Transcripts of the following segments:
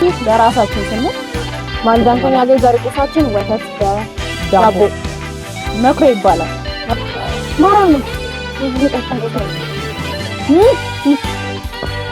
ስለዚህ ለራሳችን ስንል ማልዳን ከሚያገኝ ዛሬ ቁሳችን ወተት ዳቦ መኮ ይባላል። ማራም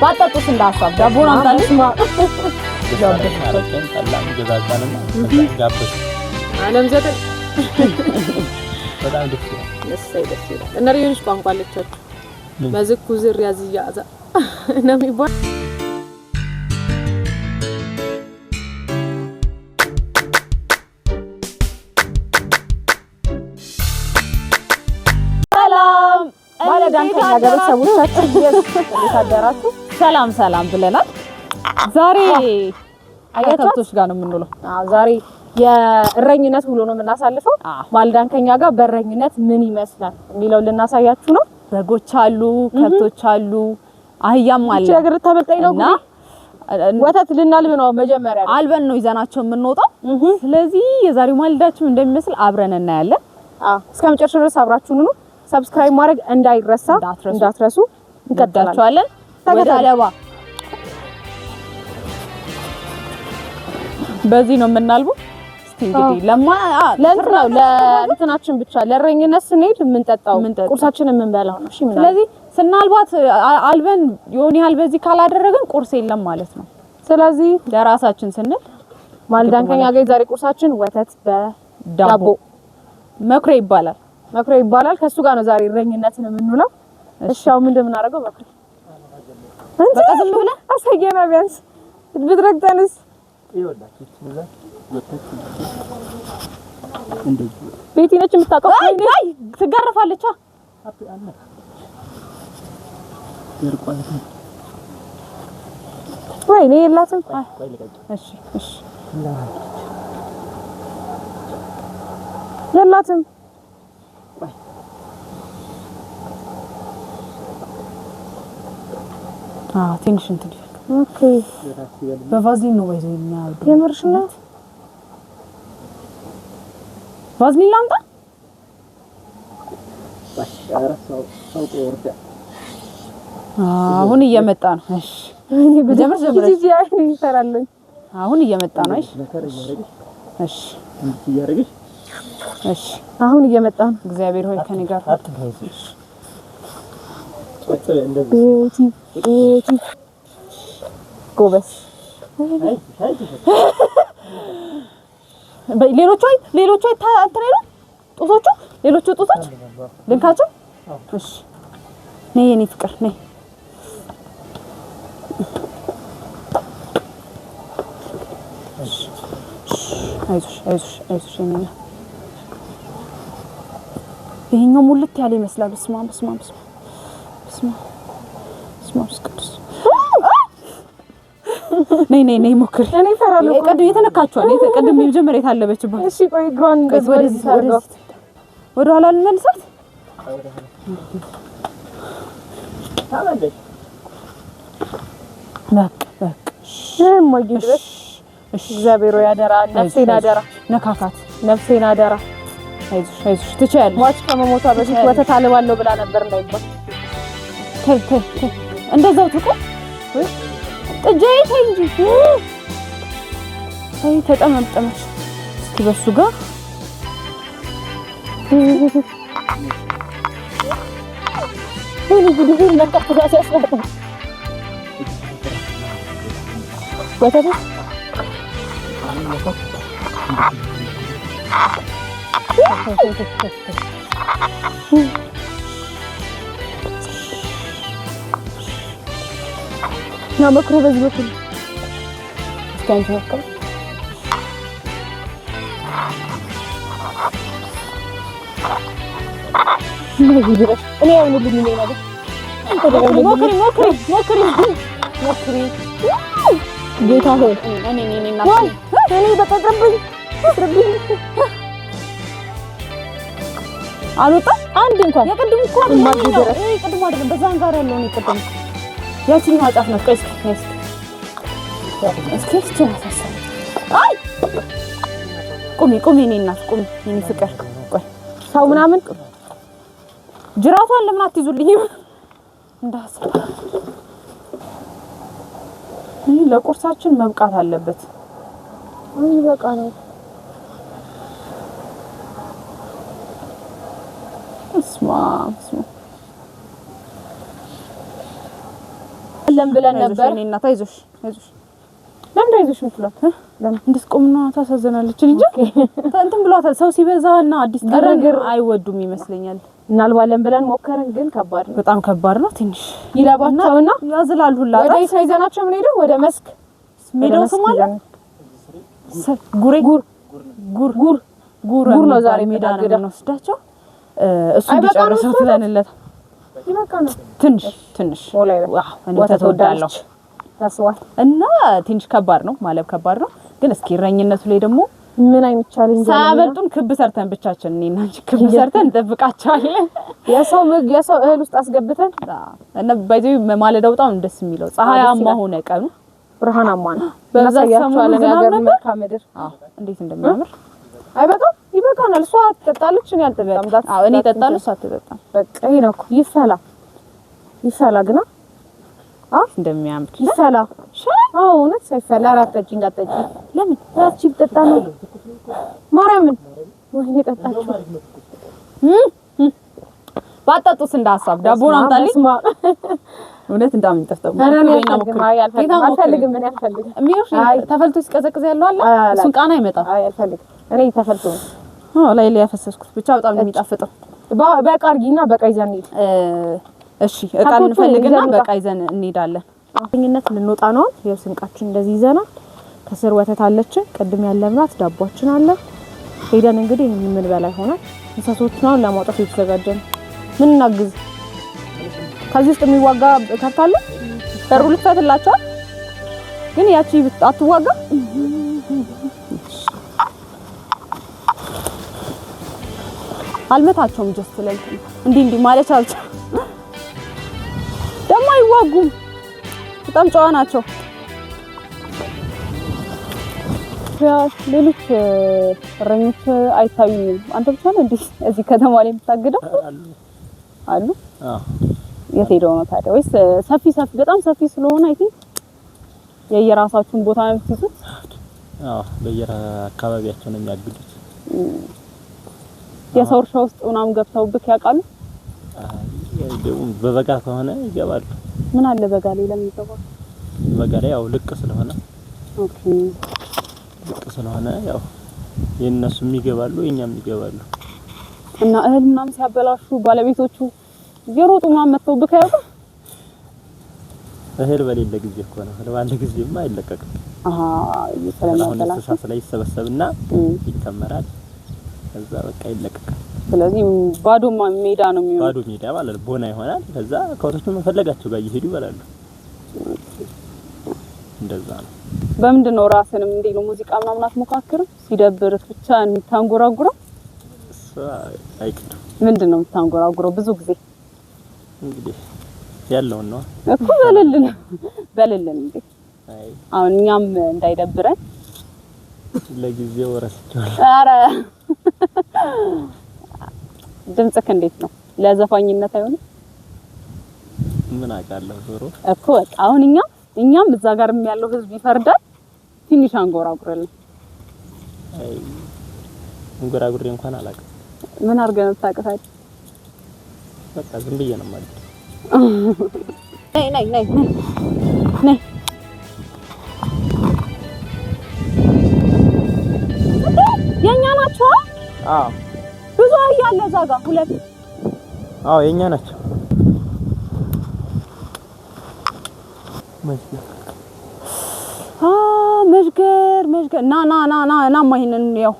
ባጣጡስ እንደ ዳቦ አለም ዘጠኝ በጣም ደስ ይላል። እነሪዮንሽ ቋንቋ አለቻችሁ መዝኩ ዝር ያዝያ ነው የሚባል ሚዛን ከኛ ቤተሰቦቻችን ሰላም ሰላም ብለናል። ዛሬ ከከብቶች ጋር ነው የምንውለው። አዎ ዛሬ የእረኝነት ውሎ ነው የምናሳልፈው። ማልዳን ከኛ ጋር በእረኝነት ምን ይመስላል የሚለው ልናሳያችሁ ነው። በጎች አሉ፣ ከብቶች አሉ፣ አህያም አለ። እቺ ነገር ተበልጠኝ ነው እና ወተት ልናልብ ነው መጀመሪያ አልበን ነው ይዘናቸው የምንወጣው። ስለዚህ የዛሬው ማልዳችን እንደሚመስል አብረን እናያለን። እስከ መጨረሻ ድረስ አብራችሁ ነው ሰብስክራይብ ማድረግ እንዳይረሳ እንዳትረሱ። እንቀጥላችኋለን። ተገዳለባ በዚህ ነው የምናልበው። እንግዲህ ለማ ለእንትን ነው ለእንትናችን ብቻ ለእረኝነት ስንሄድ የምንጠጣው ቁርሳችን የምንበላው ነው። እሺ ስለዚህ ስናልባት አልበን የሆነ ያህል በዚህ ካላደረግን ቁርስ የለም ማለት ነው። ስለዚህ ለራሳችን ስንል ማልዳን ከኛ ጋር ዛሬ ቁርሳችን ወተት በዳቦ መኩሪያ ይባላል። መክሮ ይባላል። ከሱ ጋር ነው ዛሬ እረኝነትን የምንውለው። እሺ አሁን ምንድን የምናደርገው መክሮ? አንተ ዝም ብለህ አሳየና ቢያንስ ብትረግጠንስ ቤቲ ነች የምታውቀው። አይ ትጋረፋለች። እኔ የላትም። እሺ እሺ የላትም አዎ ትንሽ እንትን ኦኬ። በቫዝሊን ነው ባይዘው የሚያወዱ የምርሽ ነው። ቫዝሊን ላምጣ አሁን እየመጣ ነው። እሺ በጀምር ጀምር ጂጂ አይን ይሰራለኝ። አሁን እየመጣ ነው። እሺ እሺ እሺ አሁን እየመጣ ነው። እግዚአብሔር ሆይ ከኔ ጋር ጎበስ ሌሎቹ ሌሎቹ እንትን ጡቶቹ ሌሎቹ ጡቶች ልንካቸው። እሺ ነይ የኔ ፍቅር ነይ አይዞሽ አይዞሽ አይዞሽ። ይሄኛው ሙልት ያለ ይመስላል። ስማ ስማ ስማ ነይ ነይ ነይ ሞክሪ። እኔ እፈራለሁ። ቅድም የተነካችኋል። ቅድም የመጀመሪያ የታለበችባት። እሺ፣ ቆይ እግሯን ወደ ኋላ እንመልሳት። እግዚአብሔር ያደራ፣ ነፍሴን አደራ፣ ነካካት፣ ነፍሴን አደራ። አይዞሽ፣ አይዞሽ፣ ትችያለሽ። ሟች ከመሞቷ በፊት ወተት አልባለሁ ብላ ነበር እንዳይባል ተይ ተይ ተይ፣ እንደዛው ትቆም ጥጃዬ፣ ተይ እንጂ ተይ። ተጠመምጠመች። እስኪ በሱ ጋር Na mokre zwłoki. Wciąć oko. Nie widzisz. Nie, nie lubię nie rady. Mokry, mokry, mokry, mokry. Mokry. Gdzie ta chodź? Nie, nie, nie, nie, mokry. አልወጣም አንድ እንኳን የቅድም እኮ ቅድም አይደለም በዛ አንጋር ያለውን የቅድም ያችኛዋ ጫፍ ነው። እስኪ እስኪ እስኪ አይ ቁሚ ቁሚ፣ እኔ እናት ቁሚ፣ እኔ ፍቅር ቆይ፣ ሰው ምናምን ጅራቷን ለምን አትይዙልኝ? እንዳስ ይህ ለቁርሳችን መብቃት አለበት። አይ በቃ ነው። ስማ ስማ የለም ብለን ነበር። እኔ እናት አይዞሽ አይዞሽ ለምን አይዞሽ ምትሏት? ለምን ነው? ታሳዘናለች እንጂ እንትን ብሏታል። ሰው ሲበዛና አዲስ ጠረን አይወዱም ይመስለኛል። እናልባለን ብለን ሞከርን፣ ግን ከባድ ነው። በጣም ከባድ ነው። ትንሽ ይለባቸውና ያዝላል ሁላ ወደ ይስራ ይዘናቸው ምን ሄደው ወደ መስክ ሜዳው ስሙ አለ ጉሬ ጉር ጉር ጉር ጉር ነው ዛሬ ሜዳ ነው የምንወስዳቸው። እሱ እንዲጨርሰው ትለንለት ትንሽ ትንሽ ወተት እወዳለሁ እና ትንሽ ከባድ ነው ማለብ ከባድ ነው፣ ግን እስኪ እረኝነቱ ላይ ደግሞ ምን አይቻልም። ሳያበልጡን ክብ ሰርተን ብቻችን እኔ እና አንቺ ክብ ሰርተን እንጠብቃቸዋለን። የሰው ምግ የሰው እህል ውስጥ አስገብተን እና በዚህ ማለዳው በጣም ደስ የሚለው ፀሐያማ ሆነ ቀኑ ብርሃናማ ነው። በዛ ያቻለ ነገር መልካም ምድር እንዴት እንደሚያምር አይ በጣም ይበቃናል። እሷ ትጠጣለች፣ እኔ አልጠጣም። አዎ እኔ እጠጣለሁ፣ እሷ አትጠጣም። በቃ ይሄ ነው እኮ ይሰላ ይሰላ ግና እንደሚያምር ይሰላ። አዎ እውነት ሳይፈላ አራት ጠጪ እንዳጠጪ ለምን ታች ይጠጣ ነው ማርያምን ወይኔ ጠጣችሁ ባጠጡስ እንደ ሀሳብ ዳቦን አምጣልኝ። እውነት እንዳምን ጠፍጠው ተፈልቶ ሲቀዘቅዝ ያለው አለ እሱን ቃና ይመጣል። እኔ ተፈልቶ ነው ላይ ላይ ያፈሰስኩት ብቻ በጣም ነው የሚጣፍጠው። በቃ አድርጊና በቃ ይዘን እንሂድ። እሺ እቃ እንፈልግና በቃ ይዘን እንሄዳለን። አሁንኝነት ልንወጣ ነው። ይኸው ስንቃችን እንደዚህ ይዘናል። ከስር ወተት አለችን፣ ቅድም ያለምናት ዳቧችን አለ። ሄደን እንግዲህ በላይ ይሆናል። እንስሶቹን አሁን ለማውጣት የተዘጋጀን ምን እናግዝ። ከዚህ ውስጥ የሚዋጋ ከብት አለ። በሩ ልትፈትላቸዋል፣ ግን ያቺ አትዋጋ አልመታቸውም። ጀስት ላይ እንዲህ እንዲህ ማለት አልቻ ደግሞ አይዋጉም። በጣም ጨዋ ናቸው። ያ ሌሎች እረኞች አይታዩ። አንተ ብቻ ነው እንዴ እዚህ ከተማ ላይ የምታግደው? አሉ የት ሄደው ነው ታዲያ? ወይስ ሰፊ ሰፊ በጣም ሰፊ ስለሆነ አይ ቲንክ የየራሳችሁን ቦታ ነው የምትይዙት? አዎ በየራ አካባቢያቸው ነው የሚያግዱት። የሰው እርሻ ውስጥ ምናምን ገብተውብክ ያውቃሉ? በበጋ ከሆነ ይገባሉ። ምን አለ በጋ ላይ ለምን በጋ ላይ ያው ልቅ ስለሆነ ኦኬ፣ ልቅ ስለሆነ ያው የእነሱም ይገባሉ የእኛም ይገባሉ። እና እህል ምናምን ሲያበላሹ ባለቤቶቹ የሮጡ ምናምን መጥተውብክ ያውቃሉ? እህል በሌለ ጊዜ እኮ ነው። እህል ባለ ጊዜማ አይለቀቅም። አሃ፣ ይሰለማ አሁን እንስሳት ላይ ይሰበሰብና ይከመራል ከዛ በቃ ይለቀቃል። ስለዚህ ባዶ ሜዳ ነው የሚሆነው። ባዶ ሜዳ ማለት ቦና ይሆናል። ከዛ ከብቶቹ መፈለጋቸው ጋር እየሄዱ ይበላሉ። እንደዛ ነው። በምንድን ነው ራስንም እንዴ ነው ሙዚቃ ምናምን አትሞካክርም? ሲደብርህ ብቻ የምታንጎራጉረው አይቅድም። ምንድን ነው የምታንጎራጉረው? ብዙ ጊዜ እንግዲህ ያለውን ነው እኮ በልልን በልልን። እንዴ አሁን እኛም እንዳይደብረን ለጊዜው ረስቼዋለሁ። ኧረ ድምፅህ እንዴት ነው? ለዘፋኝነት አይሆንም። ምን አውቃለሁ ዞሮ እኮ በቃ አሁን እኛ እኛም እዛ ጋር ያለው ህዝብ ይፈርዳል። ትንሽ አንጎራጉረልን። አይ አንጎራጉሬ እንኳን አላውቅም። ምን አድርገህ ነው የምታውቅህ? በቃ ዝም ብዬ ነው ማለት ነይ ነይ ነይ ነይ አዎ፣ ብዙ አህያ አለ እዛ ጋር ሁለት። አዎ፣ የኛ ናቸው። መዥገር መዥገር። ና ና ና ና ና ማይነን ያው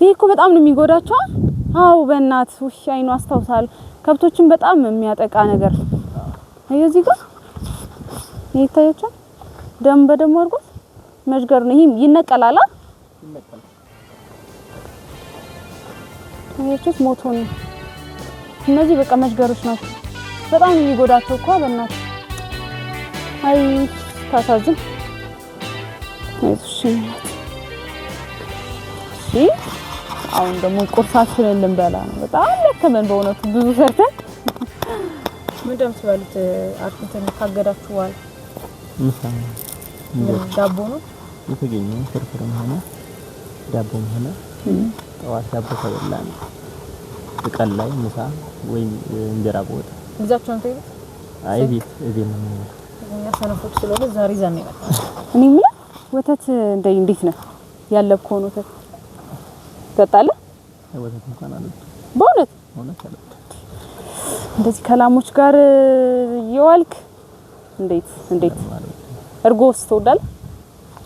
ይህ እኮ በጣም ነው የሚጎዳቸው። አው በእናት ውሽ አይኑ አስታውሳል። ከብቶችን በጣም የሚያጠቃ ነገር አይ እዚህ ጋር ይታያቸዋል። ደም በደም አድርጎት መዥገር ነው። ይሄም ይህም ይነቀላል። አያችሁት? ሞቶ ነው። እነዚህ በቃ መዥገሮች ናቸው። በጣም የሚጎዳቸው እኮ በእናትህ አይ ታሳዝን። እሺ አሁን ደግሞ ቁርሳችንን ልንበላ ነው። በጣም ደከመን በእውነቱ ብዙ ሰርተን። ምን እንደምትበሉት አጥንተን ካገዳችኋል? ዳቦ ነው የተገኘው፣ ፍርፍርም ሆነ ዳቦም ሆነ ጠዋት ዳቦ ከበላን ቀን ላይ ምሳ ወይም እንጀራ በወጥ ልጃቸውን ትይዙት። አይ ቤት እዚህ ነው የምንሄደው እኛ ሰነፎች ስለሆነ ዛሬ ዛን ነው። እኔ የምለው ወተት እንደ እንዴት ነው ያለብከውን ወተት ትጠጣለህ? ወተት እንኳን አልወድም በእውነት በእውነት አልወድም። እንደዚህ ከላሞች ጋር የዋልክ እንዴት እንዴት እርጎስ ትወዳለህ?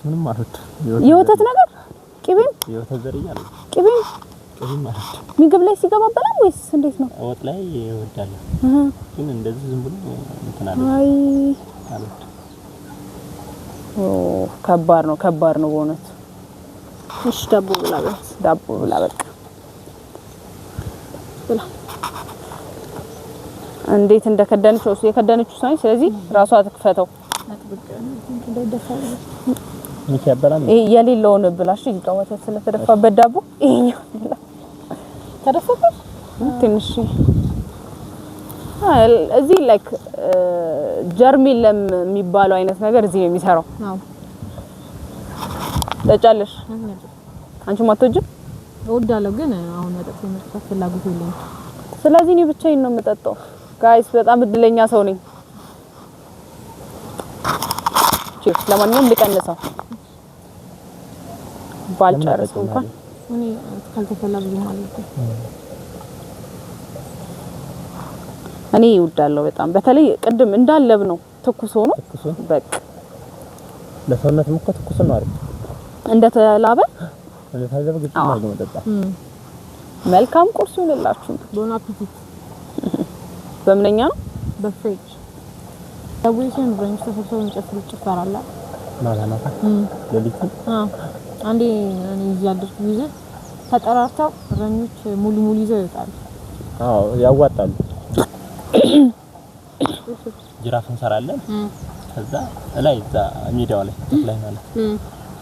ምንም አልወድም የወተት ነገር ቂቤም የወተት ዘርያ ነው። ቂቤም ቂቤም ማለት ምግብ ላይ ሲገባ በላ ወይስ እንዴት ነው? ወጥ ላይ ይወዳል፣ ግን እንደዚህ ዝም ብሎ እንትን አለ። አይ ኦ ከባድ ነው፣ ከባድ ነው በእውነት። እሺ ዳቦ ብላ በላት፣ ዳቦ ብላ በቃ ብላ። እንዴት እንደከዳነች ነው የከደነችው ሳይሆን፣ ስለዚህ ራሷ ትክፈተው። የሌለውን ብላሽ ይጋ ወተት ስለተደፋበት ዳቦ ይኸኛው ተደፋበት ትንሽ እዚህ ላይክ ጀርሚ የሚባለው አይነት ነገር እዚህ ነው የሚሰራው። ጠጫለሽ አንቺ ማትወጂም? እወዳለሁ ግን አሁን መጠጥ የመጠጣት ፍላጎት የለኝም። ስለዚህ እኔ ብቻዬን ነው የምጠጣው። ጋይስ በጣም እድለኛ ሰው ነኝ። ቺፕስ ለማንኛውም ልቀንሰው ባልጨርስ እንኳን እኔ ካልተፈላ ብዙ ማለት ነው። እኔ በጣም በተለይ ቅድም እንዳለብ ነው ትኩስ ሆኖ በቃ ለሰውነት ሙቀት ትኩስ ነው አይደል? እንደተላበ እንደተላበ ግጥም ነው መጠጣ። መልካም ቁርስ ይሁንላችሁ። ቦና አፒቲት። በምንኛ ነው በፍሬጅ ሰዎች ሲሆን ተፈቶን ተሰብስበው እንጨፍር ማላማታ ለሊት ማታ አንዴ እኔ እያደርኩ ጊዜ ተጠራርተው እረኞች ሙሉ ሙሉ ይዘው ይወጣሉ። አዎ ያዋጣሉ። ጅራፍ እንሰራለን። ከዛ ላይ እዛ ሜዳው ላይ ላይ ማለት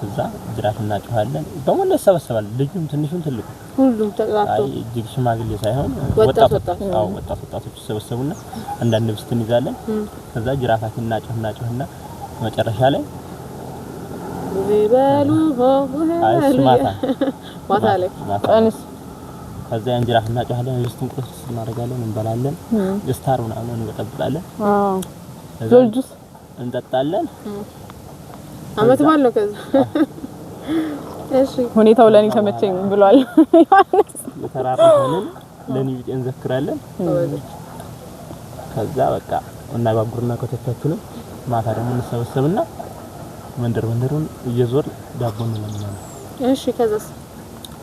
እዛ ጅራፍ እናጭኋለን። በሞላ ይሰበሰባል። ልጁም፣ ትንሹም፣ ትልቁ ሁሉም ተቃጥቶ እጅግ ሽማግሌ ሳይሆን ወጣት ወጣት ወጣቶች ይሰበሰቡና አንዳንድ ብስት እንይዛለን። ከዛ ጅራፋችን እናጭህ እናጭህና መጨረሻ ላይ በሉ ማታ ላይ ቀንስ ከዛ እንጀራ እናጫለን፣ ጁስቱን እናደርጋለን፣ እንበላለን። ስታር ምናምን እንጠብጣለን። አዎ ጁስ እንጠጣለን። አመት በዓል ነው። ከዛ እሺ ሁኔታው ለኔ ተመቸኝ ብሏል ዮሐንስ። ለኔ ቢጤ እንዘክራለን። ከዛ በቃ እናጋጉርና ከተቻችሁ ማታ ደግሞ እንሰበሰብና መንደር መንደሩን እየዞር ዳቦ እንለምናለን። እሺ፣ ከዛስ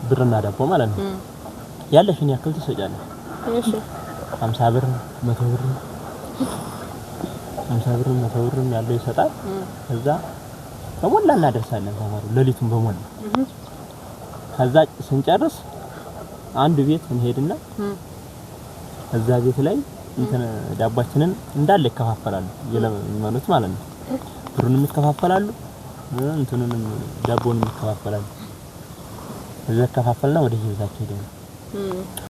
ብርና ዳቦ ማለት ነው። ያለሽን ያክል ትሰጫለሽ። እሺ፣ 50 ብር፣ 100 ብር፣ 50 ብር፣ 100 ብር ያለው ይሰጣል። ከዛ በሞላ እናደርሳለን ተማሩ ሌሊቱን በሞላ ከዛ ስንጨርስ አንድ ቤት እንሄድና እዛ ቤት ላይ እንትን ዳባችንን እንዳለ ይከፋፈላሉ። የለመኑት ማለት ነው ብሩንም ይከፋፈላሉ። እንትኑንም ዳቦንም ይከፋፈላል። እዛ ከፋፈልና ወደ ህይወታቸው ሄደ።